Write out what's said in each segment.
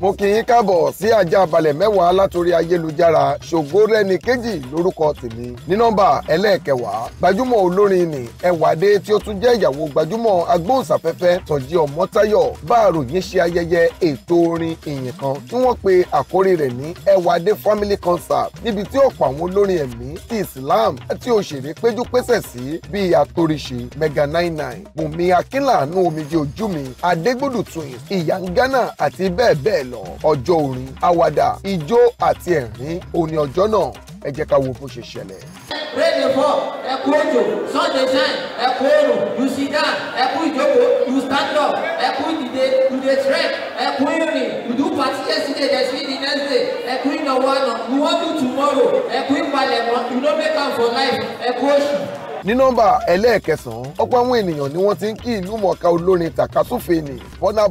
mo kì í káàbọ̀ sí ajá balẹ̀ mẹ́wàá látòrí ayélujára ṣògo rẹni kejì lórúkọ tèmi ní nọ́mbà ẹlẹ́ẹ̀kẹwàá gbajúmọ̀ olórin ni ẹwàdé tí ó tún jẹ́ ìyàwó gbajúmọ̀ agbóhùnsáfẹ́fẹ́ sọ̀jí ọmọ́táyọ̀ bá àròyìn ṣe ayẹyẹ ètò orin ìyìn kan tí wọ́n pe àkórí rẹ̀ ní ẹwàdé family concert níbi tí ọ̀pọ̀ àwọn olórin ẹ̀mí ti Islam àti òṣèré péjú pésẹ̀ sí bíi àtòrìṣe mega nine nine bùnmi akínlàánú omijé ojú mi adégbòdù twins ìyá ń Ghana àti bẹ́ẹ̀ bẹ́ẹ̀ lọ ọjọ́ orin àwàdà ijó àti ẹ̀rín òní ọjọ́ náà ẹ jẹ́ ká wo bó ṣe ṣẹlẹ̀. rédíò fọ ẹkú òjò sunday shine ẹkú oòrùn you sit down ẹkú ìjókòó you stand up ẹkú ìdìde you dey trek ẹkú ìrìn you do party yesterday dey sweet the next day ẹkú ìnáwó àná you wan do tomorrow ẹkú ìpalẹ̀mọ́ you no make am for life ẹkú oṣù ní nọ́mbà ẹlẹ́ẹ̀kẹsàn-án ọ̀pọ̀ àwọn ènìyàn ni wọ́n ti ń kí ìlú mọ̀ọ́ká olórin tàkásùfèé ní Burna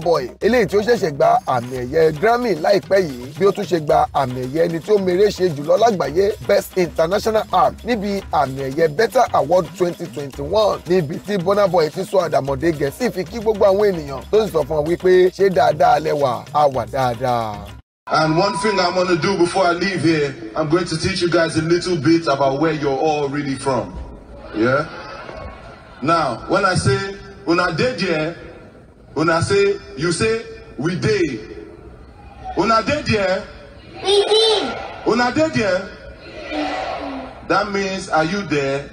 eléyìí tí ó ṣẹ̀ṣẹ̀ gba àmì ẹ̀yẹ Grammy láìpẹ́ yìí bí ó tún ṣe gba àmì ẹ̀yẹ ẹni tí ó mèrè ṣe jùlọ lágbàáyé Best International Act níbi àmì ẹ̀yẹ Better Award 2021 níbi tí Burna Boy ti sọ àdàmọ̀dé gẹ̀ẹ́sì fi kí gbogbo àwọn ènìyàn tó sì sọ fún wọn wípé ṣé dáadáa lẹ́wà á wà dáadáa. And one thing I'm gonna do before I leave here, I'm going to teach you guys a little bit about where you're all really from. Yeah? Now, when I say, una dey there, una say, you say, we dey. Una dey there? We dey. Una dey there? That means, are you there?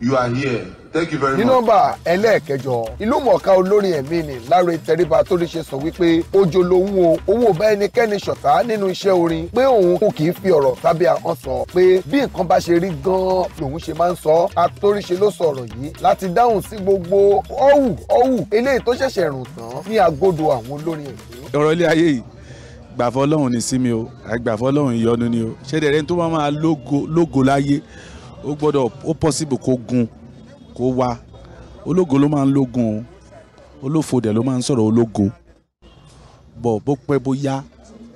you are here thank you very much. ní nọ́mbà ẹlẹ́ẹ̀kẹjọ ìlúmọ̀ọ́ká olórin ẹ̀mí ni Láre Tẹríba tó ṣe sọ wípé ojo lòun o owó bá ẹnikẹ́ni ṣọ̀tá nínú iṣẹ́ orin pé òun kò kì í fi ọ̀rọ̀ tàbí ahọ́n sọ pé bí nǹkan bá ṣe rí gan-an lòun ṣe máa ń sọ àtóríṣe ló sọ ọ̀rọ̀ yìí láti dáhùn sí gbogbo ọ̀wù ọ̀wù eléyìí tó ṣẹ̀ṣẹ̀ rùn tán ní agodo àwọn olórin ẹ̀mí. ọ̀rọ̀ ilé ayé yìí gbàfọ́ Ọlọ́run ní sí mi o àgbàfọ́ ó gbọ́dọ̀ ó possible kó gun kó wá ológo ló máa ń lógun o olófo dẹ̀ ló máa ń sọ̀rọ̀ ológo bọ̀ bó pẹ́ bó yá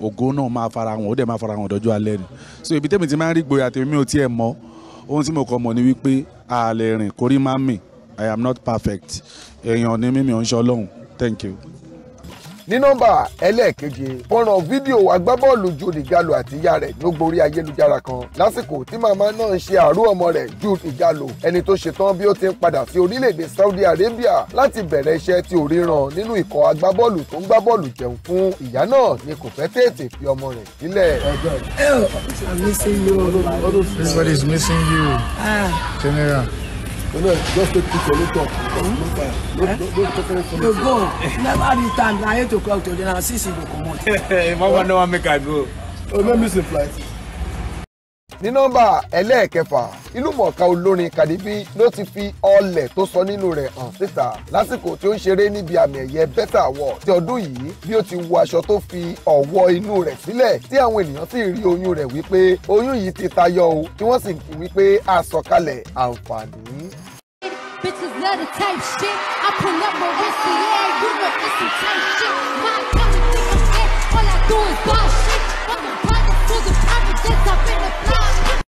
ògo náà máa fara hàn ó dẹ̀ máa fara hàn dọ́jú alẹ́ ni so ibi tẹ́mi ti máa ń rí gboyà tèmi mi ò tiẹ̀ mọ̀ ohun tí mo kọ́ mọ̀ ni wípé ààlẹ̀ rìn kórí má mì I am not perfect èèyàn ni mímì ò ń ṣe ọlọ́run thank you ní nọ́mbà ẹlẹ́ẹ̀keje fọ́nrán fídíò agbábọ́ọ̀lù Jude Igalo àti ìyá rẹ̀ ló gborí ayélujára kan lásìkò tí màmá náà ń ṣe àárò ọmọ rẹ̀ Jude Igalo ẹni tó ṣetán bí ó ti ń padà sí orílẹ̀-èdè Saudi Arabia láti bẹ̀rẹ̀ iṣẹ́ tí orí ràn nínú ikọ̀ agbábọ́ọ̀lù tó ń gbábọ́ọ̀lù jẹun fún ìyá náà ni kò fẹ́ tètè fi ọmọ rẹ̀ sílẹ̀. Everybody's missing you, ah. General. No, no, just take picture, no talk. No fire. No, no, no talk anything. No, go. Never return. Na 8 o'clock today. Na 6 you go comot. Mama no wan make I go. Oh, no miss the flight. ní nọ́mbà ẹlẹ́ẹ̀kẹfà ìlúmọ̀ọ́ká olórin kàdífì ló ti fi ọlẹ̀ tó sọ nínú rẹ̀ hàn síta lásìkò tí ó ń ṣeré níbi àmì ẹ̀yẹ better award ti ọdún yìí bí ó ti wọ aṣọ tó fi ọ̀wọ́ inú rẹ̀ sílẹ̀ tí àwọn ènìyàn sì rí oyún rẹ̀ wípé oyún yìí ti tayọ o tí wọ́n sì wípé àsọ̀kalẹ̀ àǹfààní. Bitches love the type shit. I pull up my wrist, yeah, you want this some type shit. My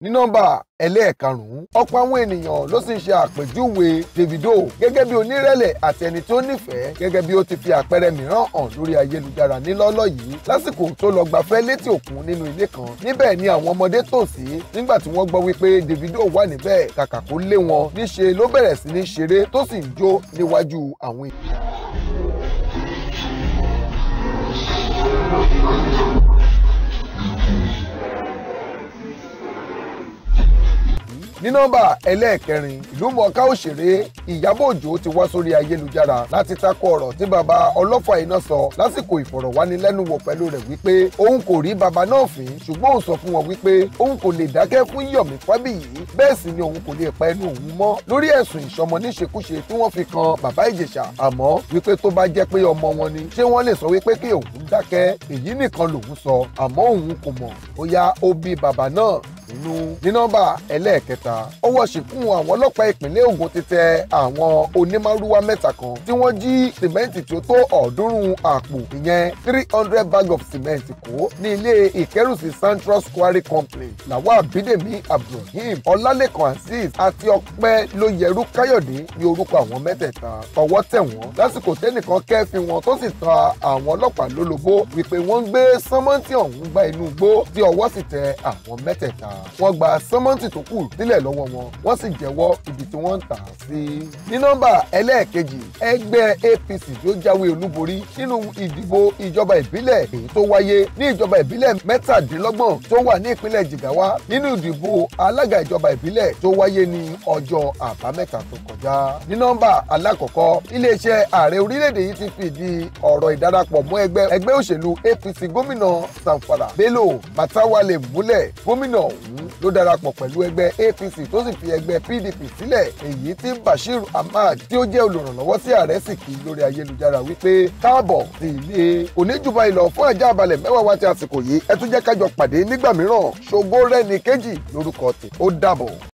ní nọ́mbà ẹlẹ́ẹ̀karùn-ún ọ̀pọ̀ àwọn ènìyàn ló sì ń ṣe àpèjúwe Davido gẹ́gẹ́ bí onírẹ̀lẹ̀ àti ẹni tó nífẹ̀ẹ́ gẹ́gẹ́ bí ó ti fi àpẹẹrẹ mìíràn hàn lórí ayélujára nílọ́lọ́ yìí lásìkò tó lọ gbafẹ́ létí òkun nínú ilé kan níbẹ̀ ni àwọn ọmọdé tò sí nígbà tí wọ́n gbọ́ wípé Davido wà níbẹ̀ kàkà kó lé wọn níṣe ló bẹ̀rẹ̀ sí ní ṣeré tó sì ń jó níwájú àwọn ènìyàn. ní nọ́mbà ẹlẹ́ẹ̀kẹrin ìlúmọ̀ọ́ká òṣèré ìyábọ̀ òjó ti wá sórí ayélujára láti takò ọ̀rọ̀ tí baba ọlọ́fà iná sọ lásìkò ìfọ̀rọ̀wánilẹ́nuwò pẹ̀lú rẹ̀ wípé òun kò rí baba náà fín ṣùgbọ́n òun sọ fún wọn wípé òun kò lè dákẹ́ fún Yọ̀mí Fábíyì bẹ́ẹ̀ sì ni òun kò lè pa ẹnu òun mọ́ lórí ẹ̀sùn ìṣọmọ níṣekúṣe tí wọ́n fi kan baba Ìjẹ̀ṣà àmọ́ wípé tó bá jẹ́ pé ọmọ wọn ni ṣé wọ́n lè sọ wípé kí òun dákẹ́ èyí nìkan lòun sọ àmọ́ òun kò mọ̀ bóyá ó bí baba náà bínú. ní nọ́mbà ẹlẹ́ẹ̀kẹta ọwọ́ ṣìkún àwọn ọlọ́pàá ìpínlẹ̀ Ògùn ti tẹ àwọn onímàrúwá mẹ́ta kan tí wọ́n jí sìmẹ́ǹtì tí ó tó ọ̀ọ́dúnrún àpò ìyẹn three hundred bag of cement kó ní ilé ìkẹ́rùsí Santros Quarry Complex làwọn àbídèmí abdulrahim ọlálẹ́kan azeez àti ọpẹ́ lóyẹrú káyọ̀dé ní orúkọ àwọn mẹ́tẹ̀ẹ̀ta ọwọ́ tẹ̀ wọ́n lásìkò tẹ́nìkan kẹ́fìn wọn tó sì ta àwọn ọlọ́pàá lólobó wípé wọ́n ń gbé sánmọ́ǹtì ọ̀hún gba inú igbó tí ọwọ́ sì tẹ àwọn mẹ́tẹ̀ẹ̀ta wọ́n gba sọ́mọ́ǹtì tó kù sílẹ̀ lọ́wọ́ wọn wọ́n sì jẹ́wọ́ ibi tí wọ́n ń tà á sí. ní nọ́mbà ẹlẹ́ẹ̀kejì ẹgbẹ́ APC ló jáwé olúborí nínú ìdìbò ìjọba ìbílẹ̀ èyí tó wáyé ní ìjọba ìbílẹ̀ mẹ́tàdínlọ́gbọ̀n tó wà ní ìpínlẹ̀ Jigawa nínú ìdìbò alága ìjọba ìbílẹ̀ tó wáyé ní ọjọ́ àbámẹ́ta tó kọjá. ní nọ́mbà alákọ̀ọ́kọ́ iléeṣẹ́ ààrẹ orílẹ̀-èdè yìí ti fìdí ọ̀rọ̀ ìdarapọ̀ mọ́ ẹgbẹ́ ẹgbẹ́ òṣèlú APC gómìnà Sanfara Bello Matawalle múlẹ̀ gómìnà ló darapọ̀ pẹ̀lú ẹgbẹ́ APC tó sì fi ẹgbẹ́ PDP sílẹ̀ èyí tí Bashir Ahmad tí ó jẹ́ olùrànlọ́wọ́ sí ààrẹ sì kí lórí ayélujára wípé káàbọ̀ sí ilé oníjùmọ̀ ìlọ fún ẹ̀já abalẹ̀ mẹ́wàá wá ti àsìkò yìí ẹ tún jẹ́ kájọ pàdé nígbà mìíràn ṣògo rẹ́ni kejì lórúkọ tè ó dàbọ̀.